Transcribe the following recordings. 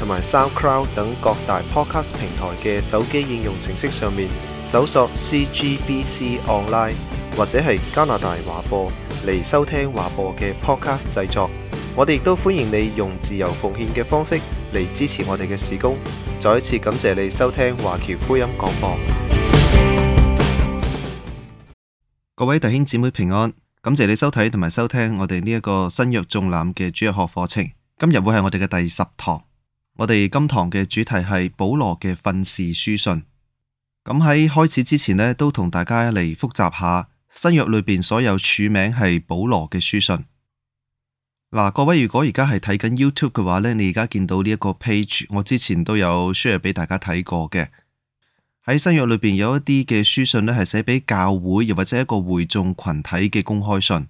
同埋 SoundCloud 等各大 Podcast 平台嘅手機應用程式上面搜索 CGBC Online 或者係加拿大華播嚟收聽華播嘅 Podcast 製作，我哋亦都歡迎你用自由奉獻嘅方式嚟支持我哋嘅事工。再一次感謝你收聽華僑福音廣播。各位弟兄姊妹平安，感謝你收睇同埋收聽我哋呢一個新約綜覽嘅主日學課程。今日會係我哋嘅第十堂。我哋今堂嘅主題係保羅嘅訓示書信。咁喺開始之前呢，都同大家嚟複習下新約裏邊所有署名係保羅嘅書信。嗱，各位如果而家係睇緊 YouTube 嘅話呢，你而家見到呢一個 page，我之前都有 share 俾大家睇過嘅。喺新約裏邊有一啲嘅書信呢，係寫俾教會，又或者一個會眾群體嘅公開信。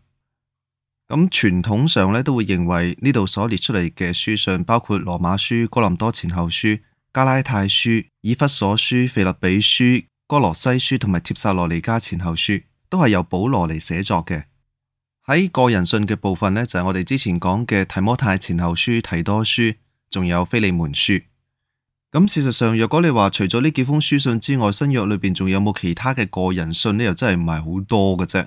咁傳統上咧都會認為呢度所列出嚟嘅書信包括羅馬書、哥林多前後書、加拉太書、以弗所書、腓立比書、哥羅西書同埋帖撒羅尼加前後書，都係由保羅嚟寫作嘅。喺個人信嘅部分呢，就係我哋之前講嘅提摩太前後書、提多書，仲有腓利門書。咁事實上，若果你話除咗呢幾封書信之外，新約裏邊仲有冇其他嘅個人信呢？又真係唔係好多嘅啫。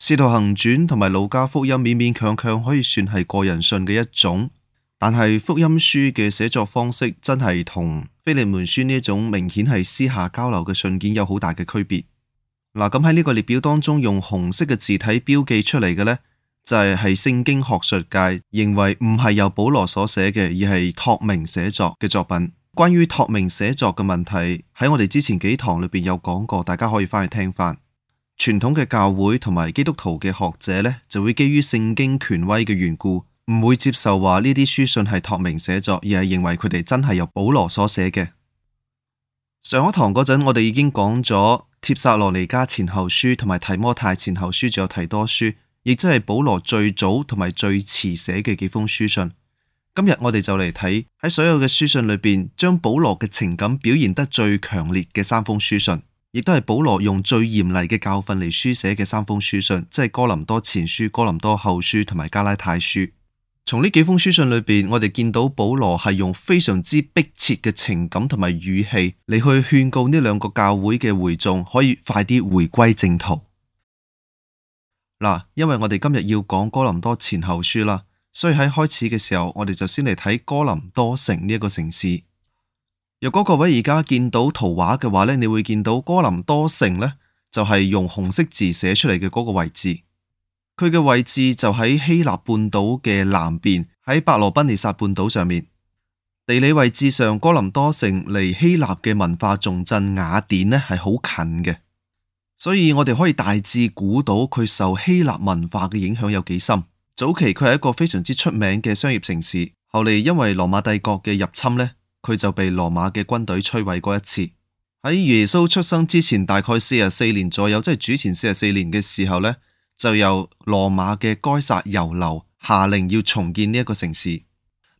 試圖行傳同埋路加福音勉勉強強可以算係個人信嘅一種，但係福音書嘅寫作方式真係同腓利門書呢種明顯係私下交流嘅信件有好大嘅區別。嗱，咁喺呢個列表當中用紅色嘅字體標記出嚟嘅呢，就係喺聖經學術界認為唔係由保羅所寫嘅，而係託名寫作嘅作品。關於託名寫作嘅問題，喺我哋之前幾堂裏邊有講過，大家可以翻去聽翻。傳統嘅教會同埋基督徒嘅學者呢，就會基於聖經權威嘅緣故，唔會接受話呢啲書信係託名寫作，而係認為佢哋真係由保羅所寫嘅。上一堂嗰陣，我哋已經講咗帖撒羅尼加前後書同埋提摩太前後書，仲有提多書，亦即係保羅最早同埋最遲寫嘅幾封書信。今日我哋就嚟睇喺所有嘅書信裏邊，將保羅嘅情感表現得最強烈嘅三封書信。亦都係保羅用最嚴厲嘅教訓嚟書寫嘅三封書信，即係哥林多前書、哥林多後書同埋加拉太書。從呢幾封書信裏邊，我哋見到保羅係用非常之迫切嘅情感同埋語氣嚟去勸告呢兩個教會嘅會眾，可以快啲回歸正途。嗱，因為我哋今日要講哥林多前後書啦，所以喺開始嘅時候，我哋就先嚟睇哥林多城呢一個城市。如果各位而家見到圖畫嘅話呢，你會見到哥林多城呢，就係用紅色字寫出嚟嘅嗰個位置。佢嘅位置就喺希臘半島嘅南邊，喺伯羅奔尼撒半島上面。地理位置上，哥林多城離希臘嘅文化重鎮雅典呢係好近嘅，所以我哋可以大致估到佢受希臘文化嘅影響有幾深。早期佢係一個非常之出名嘅商業城市，後嚟因為羅馬帝國嘅入侵呢。佢就被羅馬嘅軍隊摧毀過一次。喺耶穌出生之前大概四十四年左右，即係主前四十四年嘅時候呢，就由羅馬嘅該撒尤留下令要重建呢一個城市。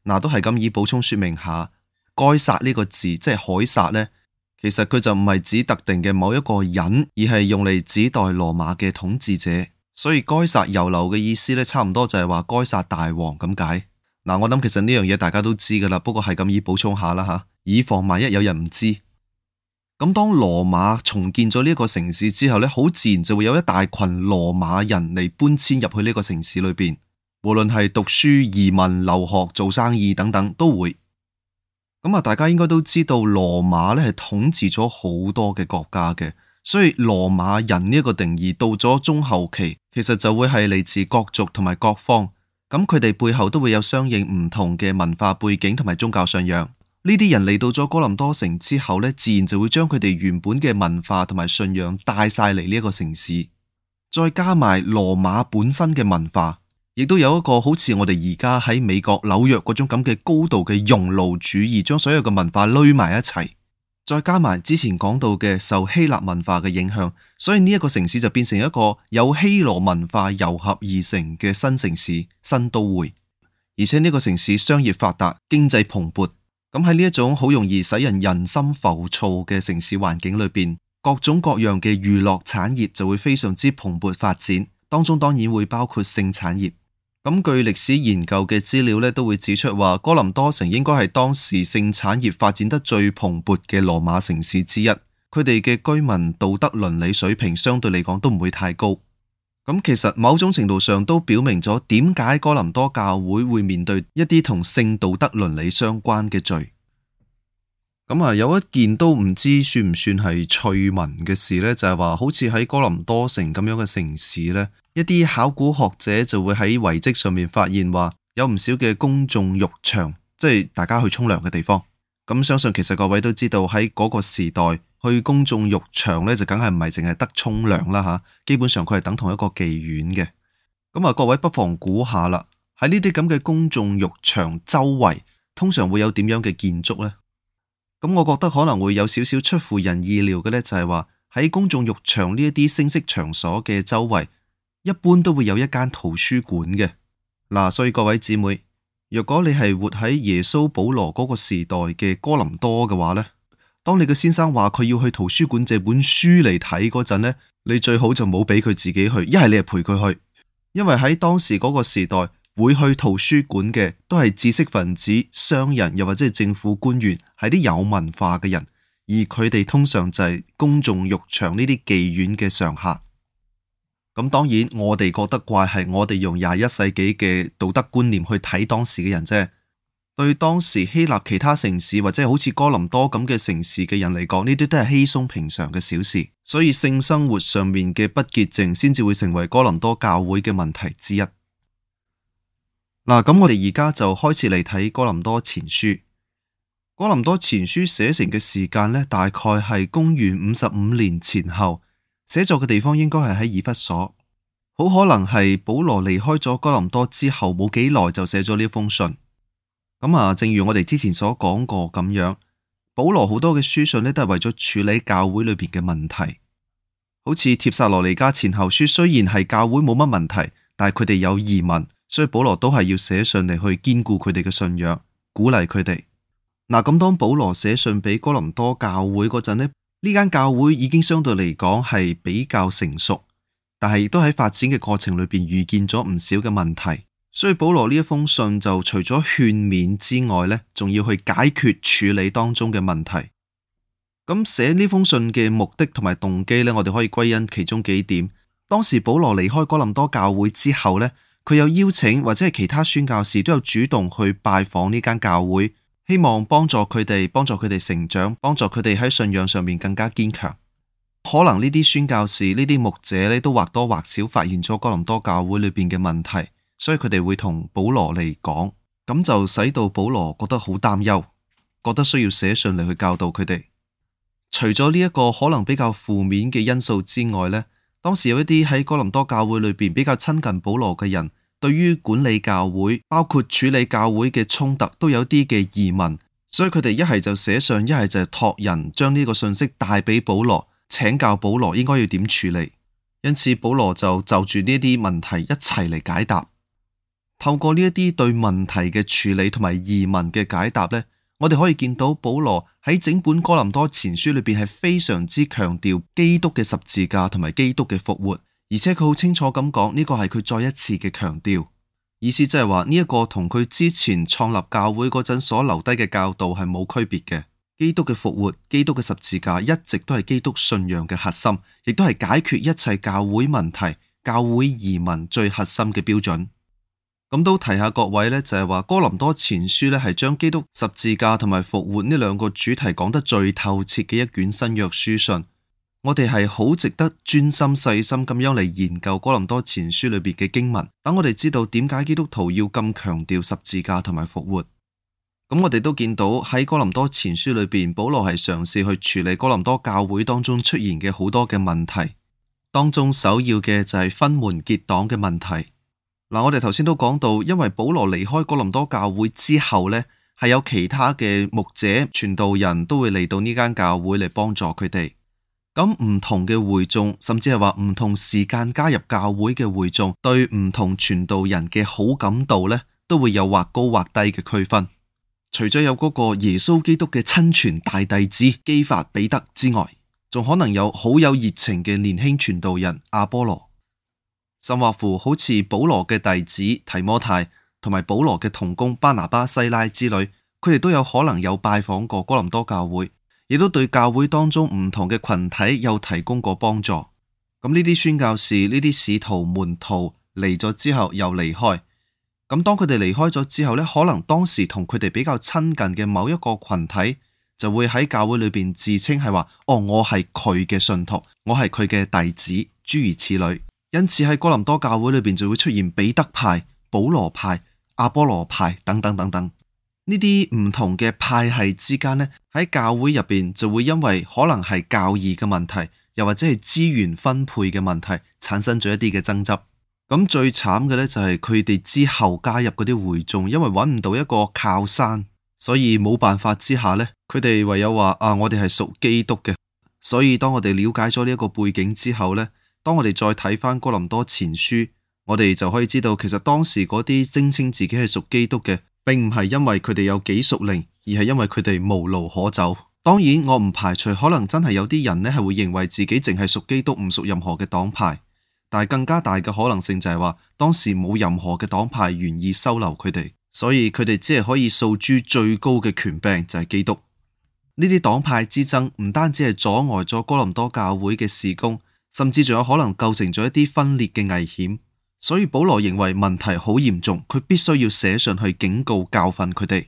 嗱、啊，都係咁以補充說明下，該撒呢個字即係凱撒呢，其實佢就唔係指特定嘅某一個人，而係用嚟指代羅馬嘅統治者。所以該撒尤留嘅意思呢，差唔多就係話該撒大王咁解。嗱，我諗其實呢樣嘢，大家都知噶啦，不過係咁易補充下啦吓，以防萬一有人唔知。咁當羅馬重建咗呢個城市之後呢，好自然就會有一大群羅馬人嚟搬遷入去呢個城市裏邊，無論係讀書、移民、留學、做生意等等都會。咁啊，大家應該都知道羅馬呢係統治咗好多嘅國家嘅，所以羅馬人呢個定義到咗中後期，其實就會係嚟自各族同埋各方。咁佢哋背後都會有相應唔同嘅文化背景同埋宗教信仰。呢啲人嚟到咗哥林多城之後咧，自然就會將佢哋原本嘅文化同埋信仰帶晒嚟呢一個城市。再加埋羅馬本身嘅文化，亦都有一個好似我哋而家喺美國紐約嗰種咁嘅高度嘅熔爐主義，將所有嘅文化撈埋一齊。再加埋之前講到嘅受希臘文化嘅影響，所以呢一個城市就變成一個有希羅文化融合而成嘅新城市、新都會。而且呢個城市商業發達，經濟蓬勃。咁喺呢一種好容易使人人心浮躁嘅城市環境裏邊，各種各樣嘅娛樂產業就會非常之蓬勃發展，當中當然會包括性產業。咁據歷史研究嘅資料呢都會指出話，哥林多城應該係當時性產業發展得最蓬勃嘅羅馬城市之一。佢哋嘅居民道德倫理水平相對嚟講都唔會太高。咁其實某種程度上都表明咗點解哥林多教會會面對一啲同性道德倫理相關嘅罪。咁啊，有一件都唔知算唔算係趣聞嘅事呢就係話，好似喺哥林多城咁樣嘅城市呢一啲考古學者就會喺遺迹上面發現，話有唔少嘅公眾浴場，即係大家去沖涼嘅地方。咁相信其實各位都知道喺嗰個時代去公眾浴場呢，就梗係唔係淨係得沖涼啦吓。基本上佢係等同一個妓院嘅。咁啊，各位不妨估下啦，喺呢啲咁嘅公眾浴場周圍通常會有點樣嘅建築呢？咁我覺得可能會有少少出乎人意料嘅呢，就係話喺公眾浴場呢一啲聲色場所嘅周圍。一般都會有一間圖書館嘅嗱、啊，所以各位姐妹，如果你係活喺耶穌保羅嗰個時代嘅哥林多嘅話咧，當你嘅先生話佢要去圖書館借本書嚟睇嗰陣咧，你最好就冇俾佢自己去，一係你就陪佢去，因為喺當時嗰個時代會去圖書館嘅都係知識分子、商人又或者係政府官員，係啲有文化嘅人，而佢哋通常就係公眾浴場呢啲妓院嘅常客。咁當然，我哋覺得怪係我哋用廿一世紀嘅道德觀念去睇當時嘅人啫。對當時希臘其他城市或者好似哥林多咁嘅城市嘅人嚟講，呢啲都係稀鬆平常嘅小事。所以性生活上面嘅不潔淨，先至會成為哥林多教會嘅問題之一。嗱，咁我哋而家就開始嚟睇哥林多前書。哥林多前書寫成嘅時間呢，大概係公元五十五年前後。寫作嘅地方應該係喺以弗所，好可能係保羅離開咗哥林多之後冇幾耐就寫咗呢封信。咁啊，正如我哋之前所講過咁樣，保羅好多嘅書信呢，都係為咗處理教會裏邊嘅問題，好似帖撒羅尼迦前後書雖然係教會冇乜問題，但係佢哋有疑問，所以保羅都係要寫信嚟去堅固佢哋嘅信仰，鼓勵佢哋。嗱，咁當保羅寫信俾哥林多教會嗰陣呢。呢間教會已經相對嚟講係比較成熟，但係都喺發展嘅過程裏邊遇見咗唔少嘅問題，所以保羅呢一封信就除咗勸勉之外呢，仲要去解決處理當中嘅問題。咁寫呢封信嘅目的同埋動機呢，我哋可以歸因其中幾點。當時保羅離開哥林多教會之後呢，佢有邀請或者係其他宣教士都有主動去拜訪呢間教會。希望幫助佢哋，幫助佢哋成長，幫助佢哋喺信仰上面更加堅強。可能呢啲宣教士、呢啲牧者呢，都或多或少發現咗哥林多教會裏邊嘅問題，所以佢哋會同保羅嚟講，咁就使到保羅覺得好擔憂，覺得需要寫信嚟去教導佢哋。除咗呢一個可能比較負面嘅因素之外呢，當時有一啲喺哥林多教會裏邊比較親近保羅嘅人。對於管理教會，包括處理教會嘅衝突，都有啲嘅疑問，所以佢哋一係就寫信，一係就託人將呢個信息帶俾保羅，請教保羅應該要點處理。因此保羅就就住呢啲問題一齊嚟解答。透過呢一啲對問題嘅處理同埋疑問嘅解答呢，我哋可以見到保羅喺整本哥林多前書裏邊係非常之強調基督嘅十字架同埋基督嘅復活。而且佢好清楚咁講，呢、這個係佢再一次嘅強調，意思即係話呢一個同佢之前創立教會嗰陣所留低嘅教導係冇區別嘅。基督嘅復活、基督嘅十字架，一直都係基督信仰嘅核心，亦都係解決一切教會問題、教會疑問最核心嘅標準。咁都提下各位呢，就係話哥林多前書呢係將基督十字架同埋復活呢兩個主題講得最透徹嘅一卷新約書信。我哋係好值得專心細心咁樣嚟研究《哥林多前書》裏邊嘅經文，等我哋知道點解基督徒要咁強調十字架同埋復活。咁我哋都見到喺《哥林多前書》裏邊，保羅係嘗試去處理哥林多教會當中出現嘅好多嘅問題，當中首要嘅就係分門結黨嘅問題。嗱，我哋頭先都講到，因為保羅離開哥林多教會之後呢，係有其他嘅牧者、傳道人都會嚟到呢間教會嚟幫助佢哋。咁唔同嘅會眾，甚至係話唔同時間加入教會嘅會眾，對唔同傳道人嘅好感度呢，都會有或高或低嘅區分。除咗有嗰個耶穌基督嘅親傳大弟子基法彼得之外，仲可能有好有熱情嘅年輕傳道人阿波羅，甚或乎好似保羅嘅弟子提摩太，同埋保羅嘅同工巴拿巴、西拉之類，佢哋都有可能有拜訪過哥林多教會。亦都對教會當中唔同嘅群體有提供過幫助。咁呢啲宣教士、呢啲使徒門徒嚟咗之後又離開。咁當佢哋離開咗之後呢，可能當時同佢哋比較親近嘅某一個群體就會喺教會裏邊自稱係話：哦，我係佢嘅信徒，我係佢嘅弟子，諸如此類。因此喺哥林多教會裏邊就會出現彼得派、保羅派、阿波羅派等等等等。呢啲唔同嘅派系之間呢，喺教會入邊就會因為可能係教義嘅問題，又或者係資源分配嘅問題，產生咗一啲嘅爭執。咁最慘嘅呢，就係佢哋之後加入嗰啲會眾，因為揾唔到一個靠山，所以冇辦法之下呢，佢哋唯有話啊，我哋係屬基督嘅。所以當我哋了解咗呢一個背景之後呢，當我哋再睇翻哥林多前書，我哋就可以知道，其實當時嗰啲聲稱自己係屬基督嘅。並唔係因為佢哋有幾屬靈，而係因為佢哋無路可走。當然，我唔排除可能真係有啲人咧係會認為自己淨係屬基督，唔屬任何嘅黨派，但係更加大嘅可能性就係話，當時冇任何嘅黨派願意收留佢哋，所以佢哋只係可以訴諸最高嘅權柄，就係基督。呢啲黨派之爭唔單止係阻礙咗哥林多教會嘅事工，甚至仲有可能構成咗一啲分裂嘅危險。所以保羅認為問題好嚴重，佢必須要寫信去警告教訓佢哋。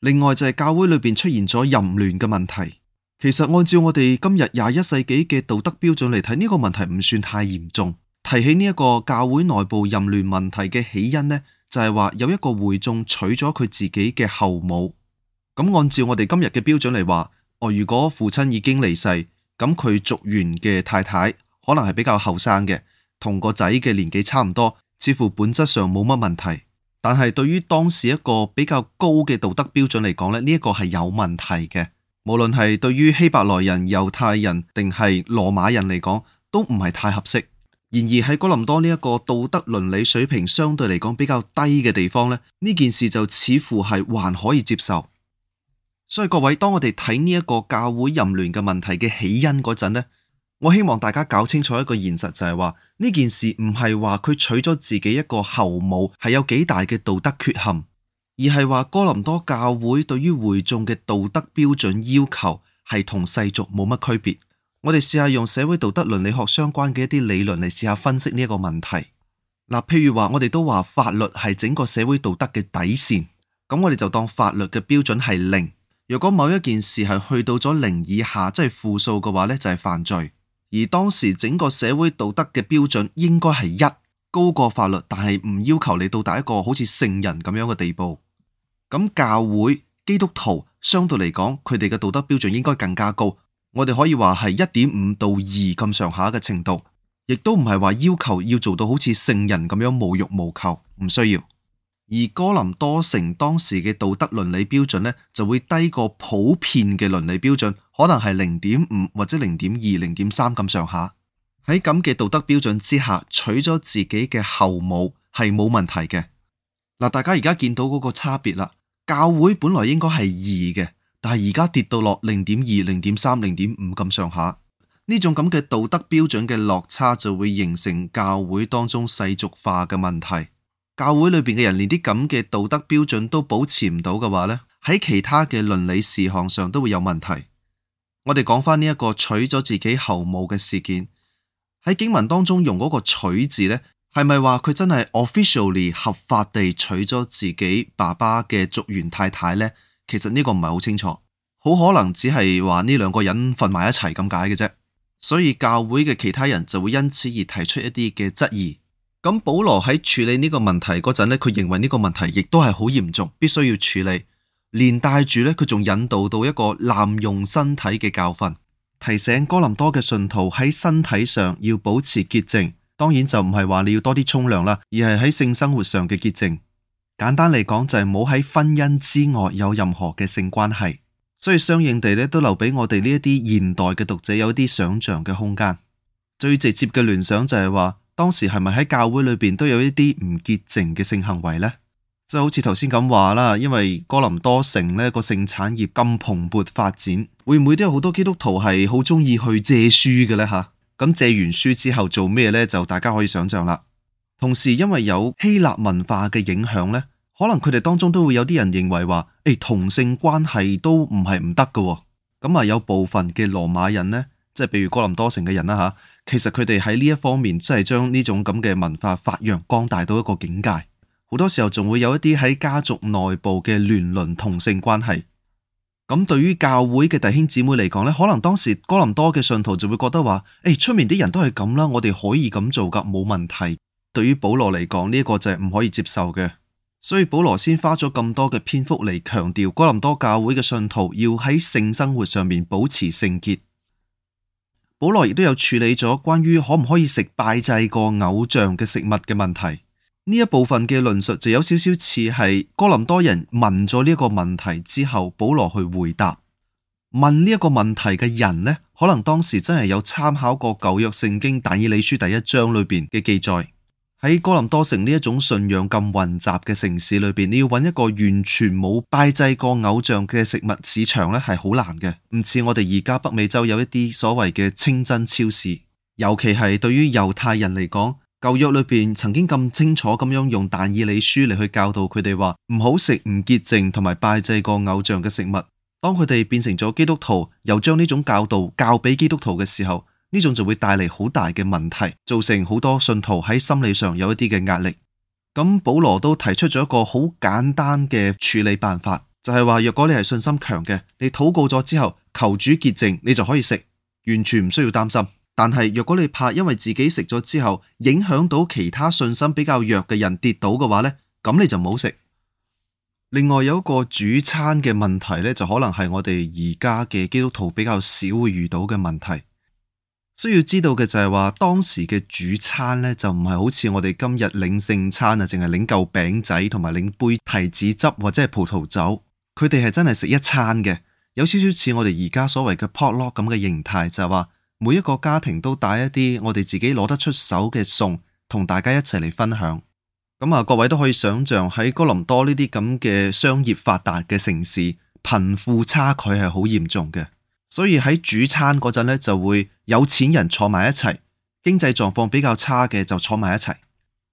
另外就係教會裏邊出現咗淫亂嘅問題。其實按照我哋今日廿一世紀嘅道德標準嚟睇，呢個問題唔算太嚴重。提起呢一個教會內部淫亂問題嘅起因呢，就係話有一個會眾娶咗佢自己嘅後母。咁按照我哋今日嘅標準嚟話，哦，如果父親已經離世，咁佢續弦嘅太太可能係比較後生嘅。同個仔嘅年紀差唔多，似乎本質上冇乜問題。但係對於當時一個比較高嘅道德標準嚟講咧，呢一個係有問題嘅。無論係對於希伯來人、猶太人定係羅馬人嚟講，都唔係太合適。然而喺哥林多呢一個道德倫理水平相對嚟講比較低嘅地方咧，呢件事就似乎係還可以接受。所以各位，當我哋睇呢一個教會淫亂嘅問題嘅起因嗰陣呢。我希望大家搞清楚一個現實就是說，就係話呢件事唔係話佢娶咗自己一個後母係有幾大嘅道德缺陷，而係話哥林多教會對於會眾嘅道德標準要求係同世俗冇乜區別。我哋試下用社會道德倫理學相關嘅一啲理論嚟試下分析呢一個問題。嗱，譬如話我哋都話法律係整個社會道德嘅底線，咁我哋就當法律嘅標準係零。如果某一件事係去到咗零以下，即係負數嘅話呢，就係犯罪。而當時整個社會道德嘅標準應該係一高過法律，但係唔要求你到達一個好似聖人咁樣嘅地步。咁教會基督徒相對嚟講，佢哋嘅道德標準應該更加高。我哋可以話係一點五到二咁上下嘅程度，亦都唔係話要求要做到好似聖人咁樣無欲無求，唔需要。而哥林多城當時嘅道德倫理標準呢，就會低過普遍嘅倫理標準。可能係零點五或者零點二、零點三咁上下，喺咁嘅道德標準之下娶咗自己嘅後母係冇問題嘅。嗱，大家而家見到嗰個差別啦，教會本來應該係二嘅，但係而家跌到落零點二、零點三、零點五咁上下呢種咁嘅道德標準嘅落差，就會形成教會當中世俗化嘅問題。教會裏邊嘅人連啲咁嘅道德標準都保持唔到嘅話呢，喺其他嘅倫理事項上都會有問題。我哋講翻呢一個娶咗自己後母嘅事件，喺經文當中用嗰個娶字呢，係咪話佢真係 officially 合法地娶咗自己爸爸嘅族員太太呢？其實呢個唔係好清楚，好可能只係話呢兩個人瞓埋一齊咁解嘅啫。所以教會嘅其他人就會因此而提出一啲嘅質疑。咁保羅喺處理呢個問題嗰陣呢，佢認為呢個問題亦都係好嚴重，必須要處理。連帶住呢，佢仲引導到一個濫用身體嘅教訓，提醒哥林多嘅信徒喺身體上要保持潔淨。當然就唔係話你要多啲沖涼啦，而係喺性生活上嘅潔淨。簡單嚟講就係冇喺婚姻之外有任何嘅性關係。所以相應地呢都留俾我哋呢一啲現代嘅讀者有一啲想象嘅空間。最直接嘅聯想就係話，當時係咪喺教會裏邊都有一啲唔潔淨嘅性行為呢？就好似頭先咁話啦，因為哥林多城呢個性產業咁蓬勃發展，會唔會都有好多基督徒係好中意去借書嘅呢？吓，咁借完書之後做咩呢？就大家可以想象啦。同時因為有希臘文化嘅影響呢，可能佢哋當中都會有啲人認為話：，誒、哎、同性關係都唔係唔得喎。」咁啊，有部分嘅羅馬人呢，即係譬如哥林多城嘅人啦吓，其實佢哋喺呢一方面真係將呢種咁嘅文化發揚光大到一個境界。好多時候仲會有一啲喺家族內部嘅聯倫同性關係，咁對於教會嘅弟兄姊妹嚟講呢，可能當時哥林多嘅信徒就會覺得話：，誒、哎，出面啲人都係咁啦，我哋可以咁做噶，冇問題。對於保羅嚟講，呢、這、一個就係唔可以接受嘅，所以保羅先花咗咁多嘅篇幅嚟強調哥林多教會嘅信徒要喺性生活上面保持聖潔。保羅亦都有處理咗關於可唔可以食拜祭過偶像嘅食物嘅問題。呢一部分嘅論述就有少少似係哥林多人問咗呢一個問題之後，保羅去回答。問呢一個問題嘅人呢，可能當時真係有參考過舊約聖經但以理書第一章裏邊嘅記載。喺哥林多城呢一種信仰咁混雜嘅城市裏邊，你要搵一個完全冇拜祭過偶像嘅食物市場呢，係好難嘅。唔似我哋而家北美洲有一啲所謂嘅清真超市，尤其係對於猶太人嚟講。舊約裏邊曾經咁清楚咁樣用但以理書嚟，去教導佢哋話唔好食唔潔淨同埋拜祭個偶像嘅食物。當佢哋變成咗基督徒，又將呢種教導教俾基督徒嘅時候，呢種就會帶嚟好大嘅問題，造成好多信徒喺心理上有一啲嘅壓力。咁保羅都提出咗一個好簡單嘅處理辦法，就係話若果你係信心強嘅，你禱告咗之後求主潔淨，你就可以食，完全唔需要擔心。但係，如果你怕因為自己食咗之後影響到其他信心比較弱嘅人跌倒嘅話呢，咁你就唔好食。另外有一個主餐嘅問題呢，就可能係我哋而家嘅基督徒比較少會遇到嘅問題。需要知道嘅就係話，當時嘅主餐呢，就唔係好似我哋今日領聖餐啊，淨係領舊餅仔同埋領杯提子汁或者係葡萄酒，佢哋係真係食一餐嘅，有少少似我哋而家所謂嘅 potluck 咁嘅形態，就係話。每一個家庭都帶一啲我哋自己攞得出手嘅餸，同大家一齊嚟分享。咁啊，各位都可以想象喺哥林多呢啲咁嘅商業發達嘅城市，貧富差距係好嚴重嘅。所以喺主餐嗰陣呢，就會有錢人坐埋一齊，經濟狀況比較差嘅就坐埋一齊，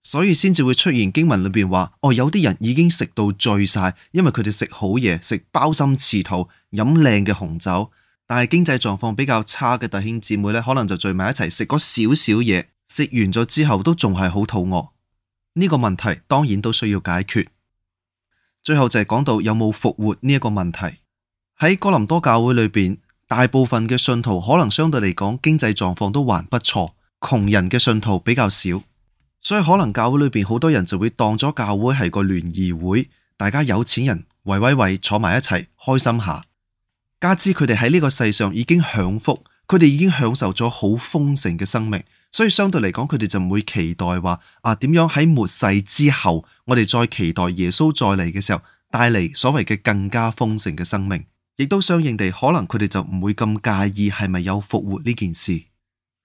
所以先至會出現經文裏邊話，哦，有啲人已經食到醉晒，因為佢哋食好嘢，食鮑參翅肚，飲靚嘅紅酒。但係經濟狀況比較差嘅弟兄姊妹咧，可能就聚埋一齊食嗰少少嘢，食完咗之後都仲係好肚餓。呢個問題當然都需要解決。最後就係講到有冇復活呢一個問題。喺哥林多教會裏邊，大部分嘅信徒可能相對嚟講經濟狀況都還不錯，窮人嘅信徒比較少，所以可能教會裏邊好多人就會當咗教會係個聯誼會，大家有錢人為喂喂坐埋一齊開心下。加之佢哋喺呢個世上已經享福，佢哋已經享受咗好豐盛嘅生命，所以相對嚟講，佢哋就唔會期待話啊點樣喺末世之後，我哋再期待耶穌再嚟嘅時候帶嚟所謂嘅更加豐盛嘅生命，亦都相應地可能佢哋就唔會咁介意係咪有復活呢件事。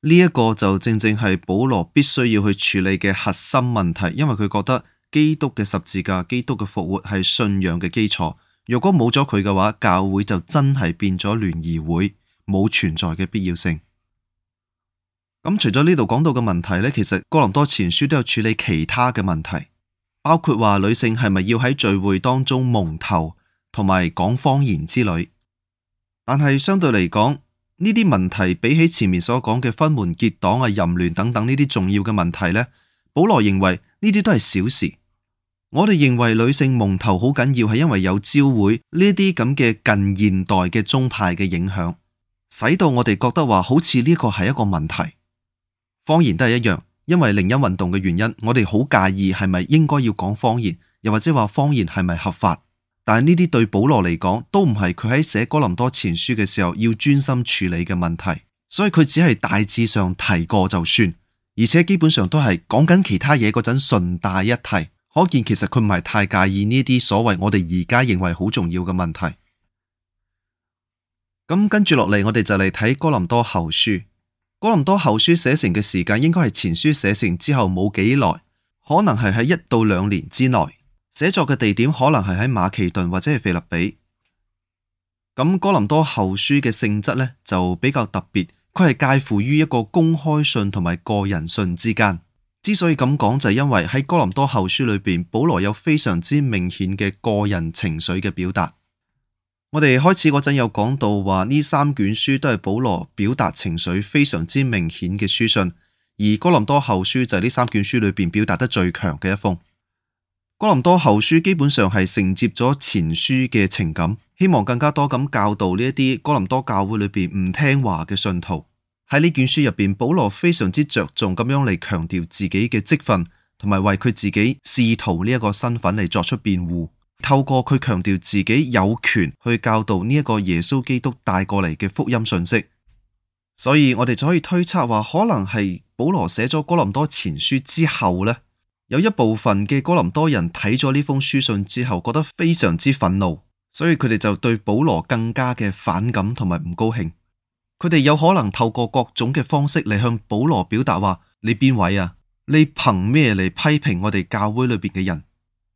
呢一個就正正係保羅必須要去處理嘅核心問題，因為佢覺得基督嘅十字架、基督嘅復活係信仰嘅基礎。如果冇咗佢嘅話，教會就真係變咗聯誼會，冇存在嘅必要性。咁除咗呢度講到嘅問題咧，其實哥林多前書都有處理其他嘅問題，包括話女性係咪要喺聚會當中蒙頭同埋講方言之類。但係相對嚟講，呢啲問題比起前面所講嘅分門結黨啊、淫亂等等呢啲重要嘅問題咧，保羅認為呢啲都係小事。我哋認為女性蒙頭好緊要，係因為有召會呢啲咁嘅近現代嘅宗派嘅影響，使到我哋覺得話好似呢個係一個問題。方言都係一樣，因為靈恩運動嘅原因，我哋好介意係咪應該要講方言，又或者話方言係咪合法。但係呢啲對保羅嚟講都唔係佢喺寫哥林多前書嘅時候要專心處理嘅問題，所以佢只係大致上提過就算，而且基本上都係講緊其他嘢嗰陣順帶一提。可見其實佢唔係太介意呢啲所謂我哋而家認為好重要嘅問題。咁跟住落嚟，我哋就嚟睇《哥林多後書》。《哥林多後書》寫成嘅時間應該係前書寫成之後冇幾耐，可能係喺一到兩年之內。寫作嘅地點可能係喺馬其頓或者係腓立比。咁《哥林多後書》嘅性質呢，就比較特別，佢係介乎於一個公開信同埋個人信之間。之所以咁講就係因為喺哥林多後書裏邊，保羅有非常之明顯嘅個人情緒嘅表達。我哋開始嗰陣有講到話呢三卷書都係保羅表達情緒非常之明顯嘅書信，而哥林多後書就係呢三卷書裏邊表達得最強嘅一封。哥林多後書基本上係承接咗前書嘅情感，希望更加多咁教導呢一啲哥林多教會裏邊唔聽話嘅信徒。喺呢卷書入邊，保羅非常之着重咁樣嚟強調自己嘅職分，同埋為佢自己使徒呢一個身份嚟作出辯護。透過佢強調自己有權去教導呢一個耶穌基督帶過嚟嘅福音信息，所以我哋就可以推測話，可能係保羅寫咗哥林多前書之後呢，有一部分嘅哥林多人睇咗呢封書信之後，覺得非常之憤怒，所以佢哋就對保羅更加嘅反感同埋唔高興。佢哋有可能透過各種嘅方式嚟向保羅表達話：你邊位啊？你憑咩嚟批評我哋教會裏邊嘅人？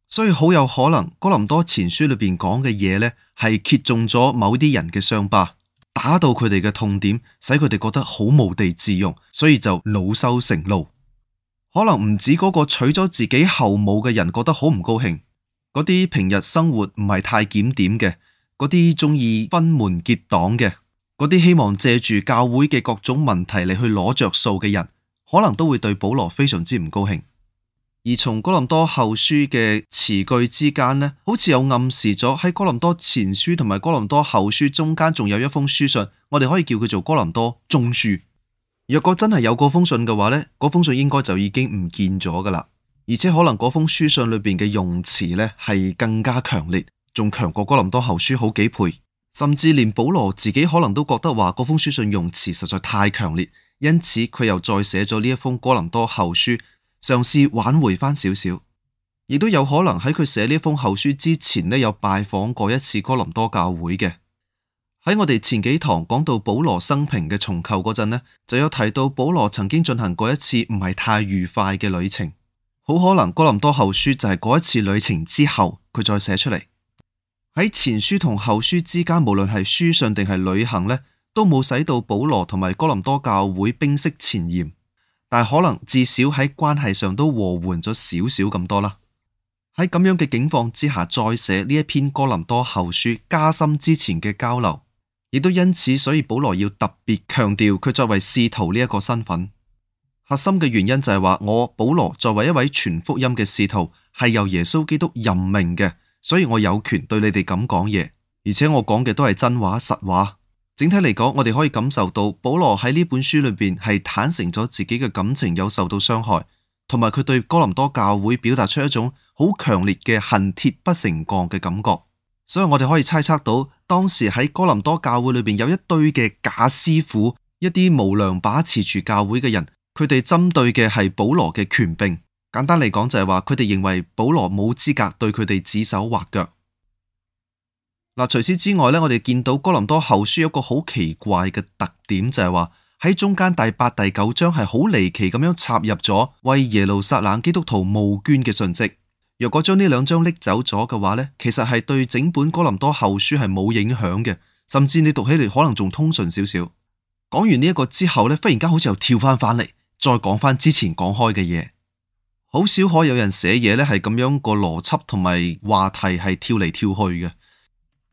所以好有可能哥林多前書裏邊講嘅嘢呢，係揭中咗某啲人嘅傷疤，打到佢哋嘅痛點，使佢哋覺得好無地自容，所以就惱羞成怒。可能唔止嗰個娶咗自己後母嘅人覺得好唔高興，嗰啲平日生活唔係太檢點嘅，嗰啲中意分門結黨嘅。嗰啲希望借住教會嘅各種問題嚟去攞着數嘅人，可能都會對保羅非常之唔高興。而從哥林多後書嘅詞句之間呢，好似有暗示咗喺哥林多前書同埋哥林多後書中間，仲有一封書信，我哋可以叫佢做哥林多中書。若果真係有嗰封信嘅話呢，嗰封信應該就已經唔見咗噶啦，而且可能嗰封書信裏邊嘅用詞呢，係更加強烈，仲強過哥林多後書好幾倍。甚至連保羅自己可能都覺得話嗰封書信用詞實在太強烈，因此佢又再寫咗呢一封哥林多後書，嘗試挽回返少少，亦都有可能喺佢寫呢封後書之前咧，有拜訪過一次哥林多教會嘅。喺我哋前幾堂講到保羅生平嘅重構嗰陣呢，就有提到保羅曾經進行過一次唔係太愉快嘅旅程，好可能哥林多後書就係嗰一次旅程之後，佢再寫出嚟。喺前書同後書之間，無論係書信定係旅行呢，都冇使到保羅同埋哥林多教會冰釋前嫌，但可能至少喺關係上都和緩咗少少咁多啦。喺咁樣嘅境況之下，再寫呢一篇哥林多後書，加深之前嘅交流，亦都因此所以保羅要特別強調佢作為使徒呢一個身份。核心嘅原因就係話，我保羅作為一位傳福音嘅使徒，係由耶穌基督任命嘅。所以我有權對你哋咁講嘢，而且我講嘅都係真話實話。整體嚟講，我哋可以感受到保羅喺呢本書裏邊係坦誠咗自己嘅感情有受到傷害，同埋佢對哥林多教會表達出一種好強烈嘅恨鐵不成鋼嘅感覺。所以我哋可以猜測到，當時喺哥林多教會裏邊有一堆嘅假師傅，一啲無良把持住教會嘅人，佢哋針對嘅係保羅嘅權柄。簡單嚟講就係話，佢哋認為保羅冇資格對佢哋指手畫腳。嗱，除此之外呢，我哋見到哥林多後書有個好奇怪嘅特點，就係話喺中間第八、第九章係好離奇咁樣插入咗為耶路撒冷基督徒募捐嘅信息。若果將呢兩章拎走咗嘅話呢，其實係對整本哥林多後書係冇影響嘅，甚至你讀起嚟可能仲通順少少。講完呢一個之後呢，忽然間好似又跳翻翻嚟，再講翻之前講開嘅嘢。好少可有人寫嘢呢係咁樣個邏輯同埋話題係跳嚟跳去嘅，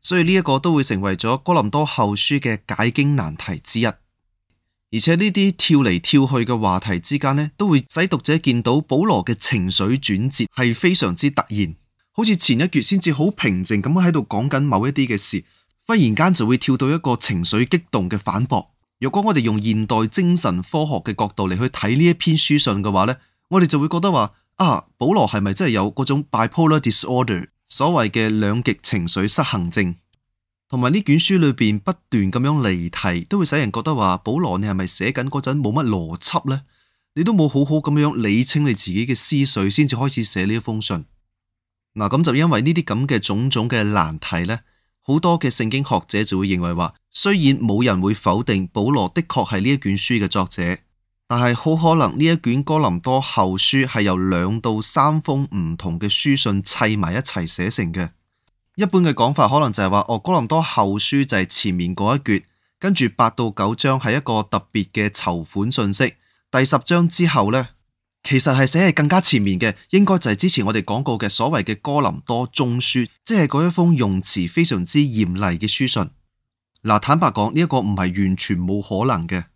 所以呢一個都會成為咗哥林多後書嘅解經難題之一。而且呢啲跳嚟跳去嘅話題之間呢，都會使讀者見到保羅嘅情緒轉折係非常之突然，好似前一節先至好平靜咁樣喺度講緊某一啲嘅事，忽然間就會跳到一個情緒激動嘅反駁。如果我哋用現代精神科學嘅角度嚟去睇呢一篇書信嘅話呢。我哋就會覺得話啊，保羅係咪真係有嗰種 bipolar disorder，所謂嘅兩極情緒失衡症，同埋呢卷書裏邊不斷咁樣離題，都會使人覺得話保羅你係咪寫緊嗰陣冇乜邏輯呢？你都冇好好咁樣理清你自己嘅思緒先至開始寫呢封信。嗱，咁就因為呢啲咁嘅種種嘅難題呢，好多嘅聖經學者就會認為話，雖然冇人會否定保羅的確係呢一卷書嘅作者。但係好可能呢一卷哥林多後書係由兩到三封唔同嘅書信砌埋一齊寫成嘅。一般嘅講法可能就係話哦，哥林多後書就係前面嗰一卷，跟住八到九章係一個特別嘅籌款信息，第十章之後呢，其實係寫喺更加前面嘅，應該就係之前我哋講過嘅所謂嘅哥林多中書，即係嗰一封用詞非常之嚴厲嘅書信。嗱、啊，坦白講呢一個唔係完全冇可能嘅。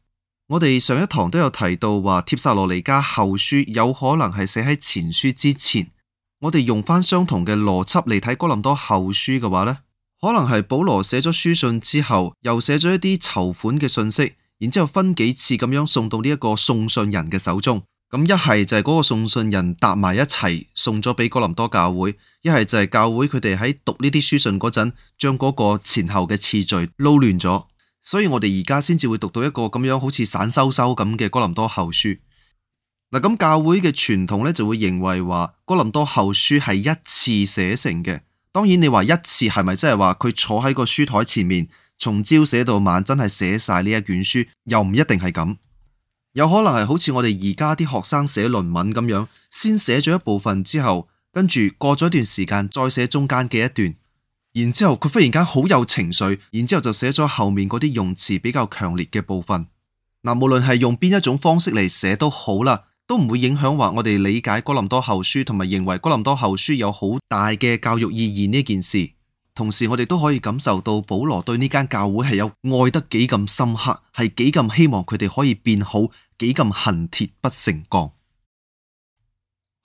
我哋上一堂都有提到話，帖撒羅尼迦後書有可能係寫喺前書之前。我哋用翻相同嘅邏輯嚟睇哥林多後書嘅話呢，可能係保羅寫咗書信之後，又寫咗一啲籌款嘅信息，然之後分幾次咁樣送到呢一個送信人嘅手中。咁一係就係嗰個送信人搭埋一齊送咗俾哥林多教會，一係就係教會佢哋喺讀呢啲書信嗰陣，將嗰個前後嘅次序撈亂咗。所以我哋而家先至會讀到一個咁樣好似散收收咁嘅哥林多後書。嗱，咁教會嘅傳統呢，就會認為話哥林多後書係一次寫成嘅。當然你話一次係咪真係話佢坐喺個書台前面從朝寫到晚真係寫晒呢一卷書，又唔一定係咁。有可能係好似我哋而家啲學生寫論文咁樣，先寫咗一部分之後，跟住過咗一段時間再寫中間嘅一段。然之後佢忽然間好有情緒，然之後就寫咗後面嗰啲用詞比較強烈嘅部分。嗱，無論係用邊一種方式嚟寫都好啦，都唔會影響話我哋理解《哥林多後書》同埋認為《哥林多後書》有好大嘅教育意義呢件事。同時我哋都可以感受到保羅對呢間教會係有愛得幾咁深刻，係幾咁希望佢哋可以變好，幾咁恨鐵不成鋼。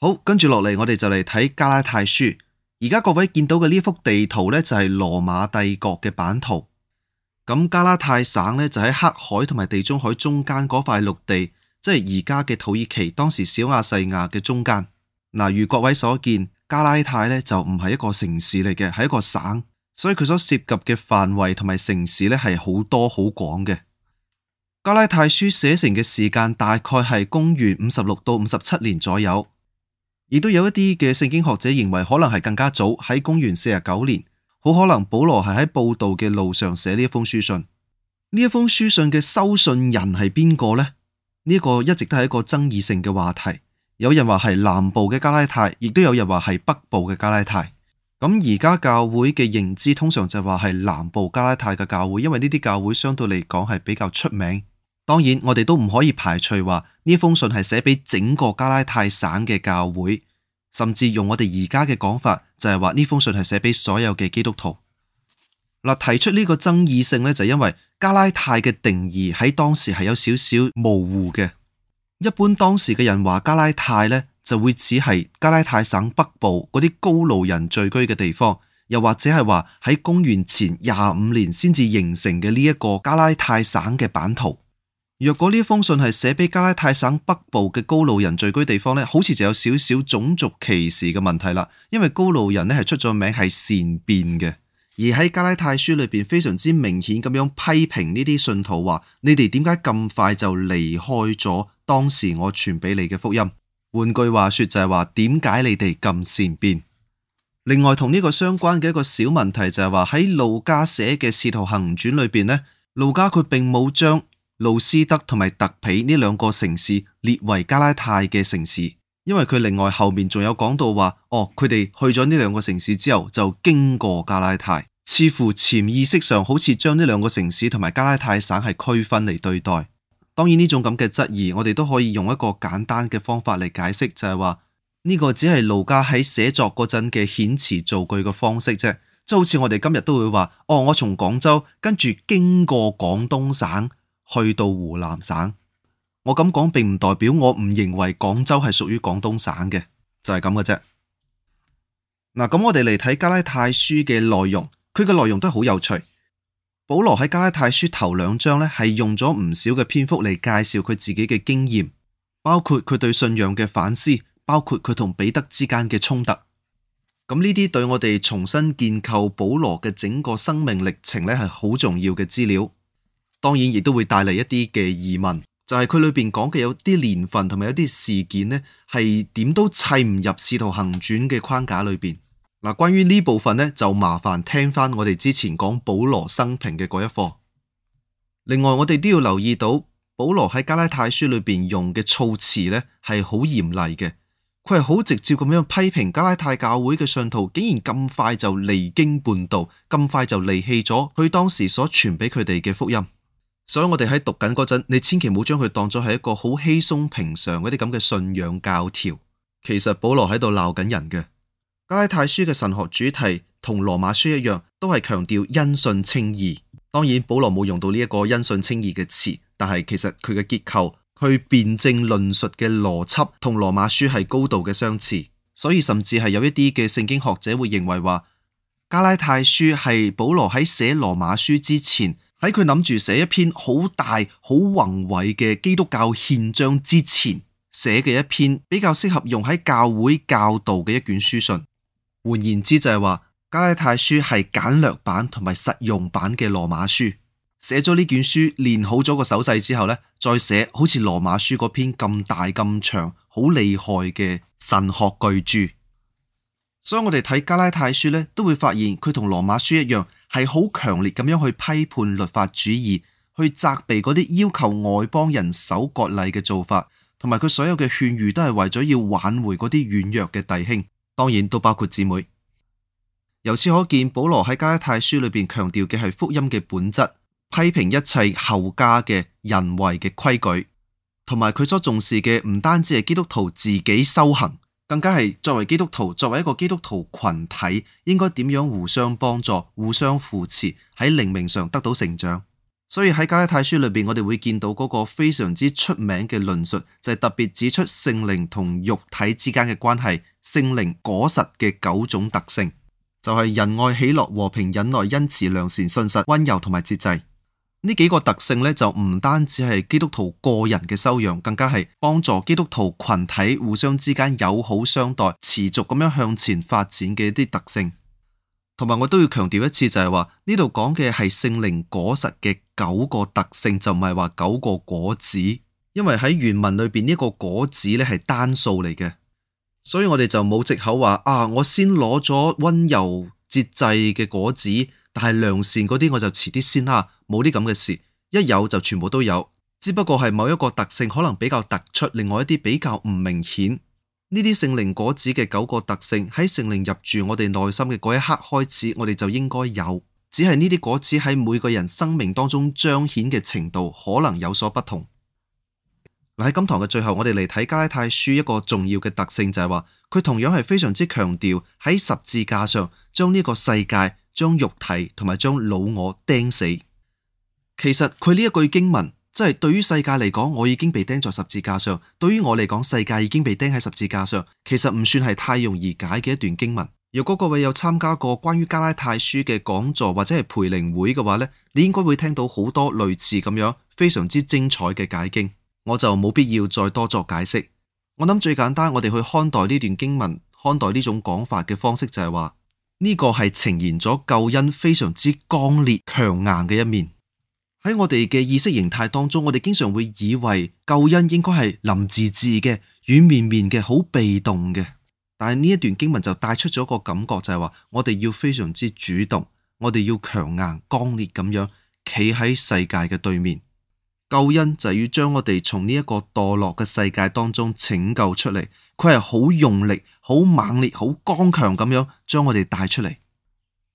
好，跟住落嚟我哋就嚟睇《加拉太書》。而家各位見到嘅呢幅地圖呢，就係羅馬帝國嘅版圖。咁加拉泰省呢，就喺黑海同埋地中海中間嗰塊陸地，即係而家嘅土耳其，當時小亞細亞嘅中間。嗱，如各位所見，加拉泰呢就唔係一個城市嚟嘅，係一個省，所以佢所涉及嘅範圍同埋城市呢係好多好廣嘅。加拉泰書寫成嘅時間大概係公元五十六到五十七年左右。亦都有一啲嘅聖經學者認為，可能係更加早喺公元四十九年，好可能保羅係喺佈道嘅路上寫呢一封書信。呢一封書信嘅收信人係邊個呢？呢、呢個一直都係一個爭議性嘅話題。有人話係南部嘅加拉太，亦都有人話係北部嘅加拉太。咁而家教會嘅認知通常就話係南部加拉太嘅教會，因為呢啲教會相對嚟講係比較出名。當然，我哋都唔可以排除話呢封信係寫俾整個加拉太省嘅教會，甚至用我哋而家嘅講法，就係話呢封信係寫俾所有嘅基督徒。嗱，提出呢個爭議性呢，就是因為加拉太嘅定義喺當時係有少少模糊嘅。一般當時嘅人話加拉太呢就會只係加拉太省北部嗰啲高盧人聚居嘅地方，又或者係話喺公元前廿五年先至形成嘅呢一個加拉太省嘅版圖。若果呢封信係寫俾加拉太省北部嘅高路人聚居地方呢，好似就有少少種族歧視嘅問題啦。因為高路人呢係出咗名係善變嘅，而喺加拉太書裏邊非常之明顯咁樣批評呢啲信徒話：你哋點解咁快就離開咗當時我傳俾你嘅福音？換句話說就係話點解你哋咁善變？另外同呢個相關嘅一個小問題就係話喺路加寫嘅使徒行傳裏邊呢，路加佢並冇將。路斯德同埋特庇呢兩個城市列為加拉太嘅城市，因為佢另外後面仲有講到話，哦，佢哋去咗呢兩個城市之後就經過加拉太，似乎潛意識上好似將呢兩個城市同埋加拉太省係區分嚟對待。當然呢種咁嘅質疑，我哋都可以用一個簡單嘅方法嚟解釋，就係話呢個只係路加喺寫作嗰陣嘅遣詞造句嘅方式啫，即係好似我哋今日都會話，哦，我從廣州跟住經過廣東省。去到湖南省，我咁講並唔代表我唔認為廣州係屬於廣東省嘅，就係咁嘅啫。嗱，咁我哋嚟睇加拉太書嘅內容，佢嘅內容都係好有趣。保羅喺加拉太書頭兩章呢，係用咗唔少嘅篇幅嚟介紹佢自己嘅經驗，包括佢對信仰嘅反思，包括佢同彼得之間嘅衝突。咁呢啲對我哋重新建構保羅嘅整個生命歷程呢，係好重要嘅資料。當然亦都會帶嚟一啲嘅疑問，就係佢裏邊講嘅有啲年份同埋有啲事件呢係點都砌唔入《使徒行傳》嘅框架裏邊。嗱，關於呢部分呢，就麻煩聽翻我哋之前講保羅生平嘅嗰一課。另外，我哋都要留意到保羅喺《加拉太書》裏邊用嘅措辭呢，係好嚴厲嘅，佢係好直接咁樣批評加拉太教會嘅信徒，竟然咁快就離經叛道，咁快就離棄咗佢當時所傳俾佢哋嘅福音。所以我哋喺讀緊嗰陣，你千祈唔好將佢當咗係一個好稀鬆平常嗰啲咁嘅信仰教條。其實保羅喺度鬧緊人嘅。加拉太書嘅神學主題同羅馬書一樣，都係強調因信稱義。當然保羅冇用到呢一個因信稱義嘅詞，但係其實佢嘅結構、佢辯證論述嘅邏輯同羅馬書係高度嘅相似。所以甚至係有一啲嘅聖經學者會認為話，加拉太書係保羅喺寫羅馬書之前，喺佢諗住寫一篇好大、好宏偉嘅基督教憲章之前，寫嘅一篇比較適合用喺教會教導嘅一卷書信。換言之就是說，就係話加拉太書係簡略版同埋實用版嘅羅馬書。寫咗呢卷書練好咗個手勢之後呢，再寫好似羅馬書嗰篇咁大咁長、好厲害嘅神學巨著。所以我哋睇加拉太書呢，都會發現佢同羅馬書一樣，係好強烈咁樣去批判律法主義，去責備嗰啲要求外邦人守割禮嘅做法，同埋佢所有嘅勸喻都係為咗要挽回嗰啲軟弱嘅弟兄，當然都包括姊妹。由此可見，保羅喺加拉太書裏邊強調嘅係福音嘅本質，批評一切後加嘅人為嘅規矩，同埋佢所重視嘅唔單止係基督徒自己修行。更加係作為基督徒，作為一個基督徒群體，應該點樣互相幫助、互相扶持，喺靈命上得到成長。所以喺《加拉太書》裏邊，我哋會見到嗰個非常之出名嘅論述，就係、是、特別指出聖靈同肉體之間嘅關係，聖靈果實嘅九種特性，就係、是、仁愛、喜樂、和平、忍耐、恩慈、良善、信實、溫柔同埋節制。呢幾個特性呢，就唔單止係基督徒個人嘅修養，更加係幫助基督徒群體互相之間友好相待、持續咁樣向前發展嘅一啲特性。同埋，我都要強調一次就是說，就係話呢度講嘅係聖靈果實嘅九個特性，就唔係話九個果子，因為喺原文裏邊呢個果子呢係單數嚟嘅，所以我哋就冇藉口話啊，我先攞咗溫柔節制嘅果子。但係良善嗰啲我就遲啲先啦，冇啲咁嘅事，一有就全部都有，只不過係某一個特性可能比較突出，另外一啲比較唔明顯。呢啲聖靈果子嘅九個特性，喺聖靈入住我哋內心嘅嗰一刻開始，我哋就應該有，只係呢啲果子喺每個人生命當中彰顯嘅程度可能有所不同。喺今堂嘅最後，我哋嚟睇加拉太書一個重要嘅特性就係話，佢同樣係非常之強調喺十字架上將呢個世界。將肉體同埋將老我釘死，其實佢呢一句經文，即係對於世界嚟講，我已經被釘在十字架上，對於我嚟講，世界已經被釘喺十字架上。其實唔算係太容易解嘅一段經文。如果各位有參加過關於加拉太書嘅講座或者係培靈會嘅話呢，你應該會聽到好多類似咁樣非常之精彩嘅解經。我就冇必要再多作解釋。我諗最簡單，我哋去看待呢段經文，看待呢種講法嘅方式就係話。呢個係呈現咗救恩非常之剛烈、強硬嘅一面。喺我哋嘅意識形態當中，我哋經常會以為救恩應該係林滋滋嘅、軟綿綿嘅、好被動嘅。但係呢一段經文就帶出咗個感覺就，就係話我哋要非常之主動，我哋要強硬、剛烈咁樣企喺世界嘅對面。救恩就係要將我哋從呢一個墮落嘅世界當中拯救出嚟，佢係好用力。好猛烈、好剛強咁樣將我哋帶出嚟。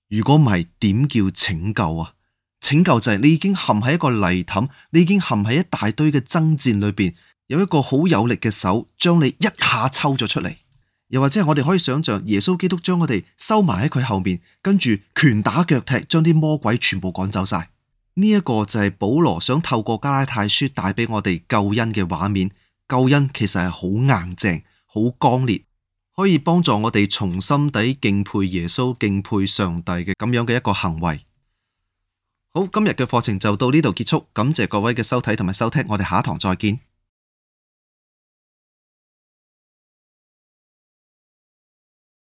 如果唔係，點叫拯救啊？拯救就係你已經陷喺一個泥凼，你已經陷喺一大堆嘅爭戰裏邊，有一個好有力嘅手將你一下抽咗出嚟。又或者係我哋可以想象，耶穌基督將我哋收埋喺佢後面，跟住拳打腳踢，將啲魔鬼全部趕走晒。呢一個就係保羅想透過加拉太書帶俾我哋救恩嘅畫面。救恩其實係好硬淨、好剛烈。可以幫助我哋從心底敬佩耶穌、敬佩上帝嘅咁樣嘅一個行為。好，今日嘅課程就到呢度結束，感謝各位嘅收睇同埋收聽，我哋下一堂再見。